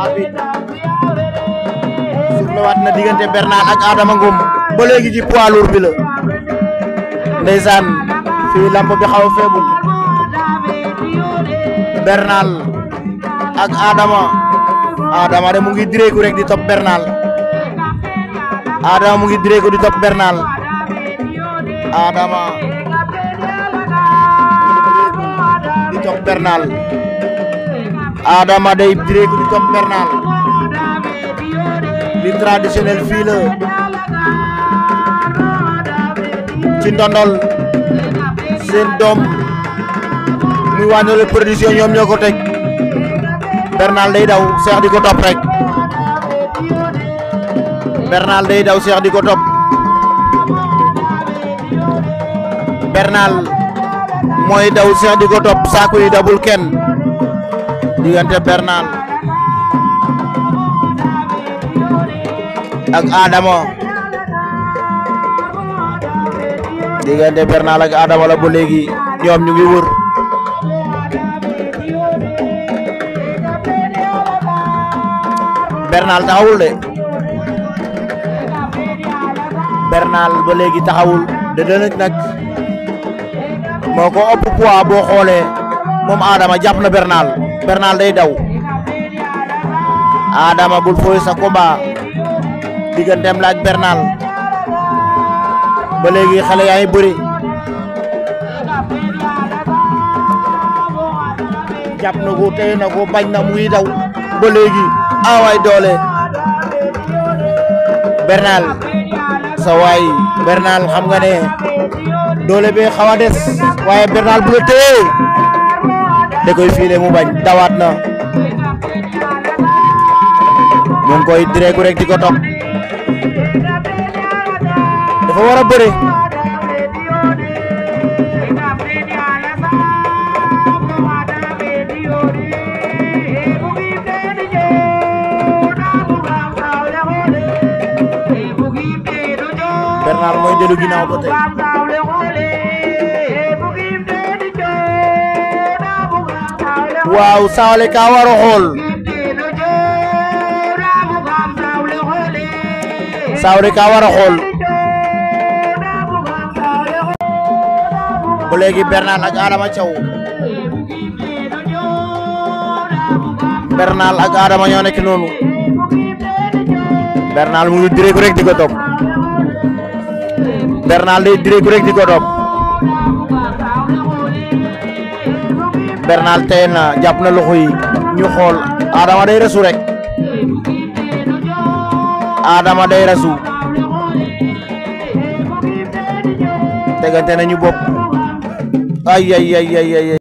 arbitre sufle na diggante Bernard ak Adama Ngom ba léegi ci poids lourd bi la ndeysaan fii lamb bi xaw feebul Bernard ak Adama Adama de mu ngi direeku rek di topp Bernard Adama di topp Bernard Adama day direct di comme Bernal li traditionnel fii la ci ndondol seen doom muy wàññale production ñoom ñoo ko teg Bernal day daw Cheikh di ko topp rek Bernal day daw seex di ko topp Bernal mooy daw seex di ko topp saako yi dabul kenn. diggante Bernal ak Adamo diggante ba léegi ñoom ñu ngi wër Bernal taxawul de Bernal ba léegi taxawul de dënëj nag moo ko ëpp poids boo xoolee moom Adama jàpp na Bernal Bernal day daw Adama bul fooy sa combat digganteem la Bernal ba léegi xale yaa ngi bëri jàpp na ko téye na ko bañ na muy daw ba léegi awaay doole Bernal sa waay Bernal xam nga ne doole bee xaw a des Bernal bu la téye da koy fiile mu bañ dawaat na mu ngi koy direegu rek di ko topp dafa war a bëre Bernard mooy waaw sawle ka war a xool sawle ak Adama Thiaw Bernal ak Adama ñoo nekk noonu Bernal mu ngi direeku rek di ko topp Bernal day direeku di ko Bernal tey na jàpp na loxo yi ñu xool Adama day resu rek Adama day resu tegante nañu bopp ay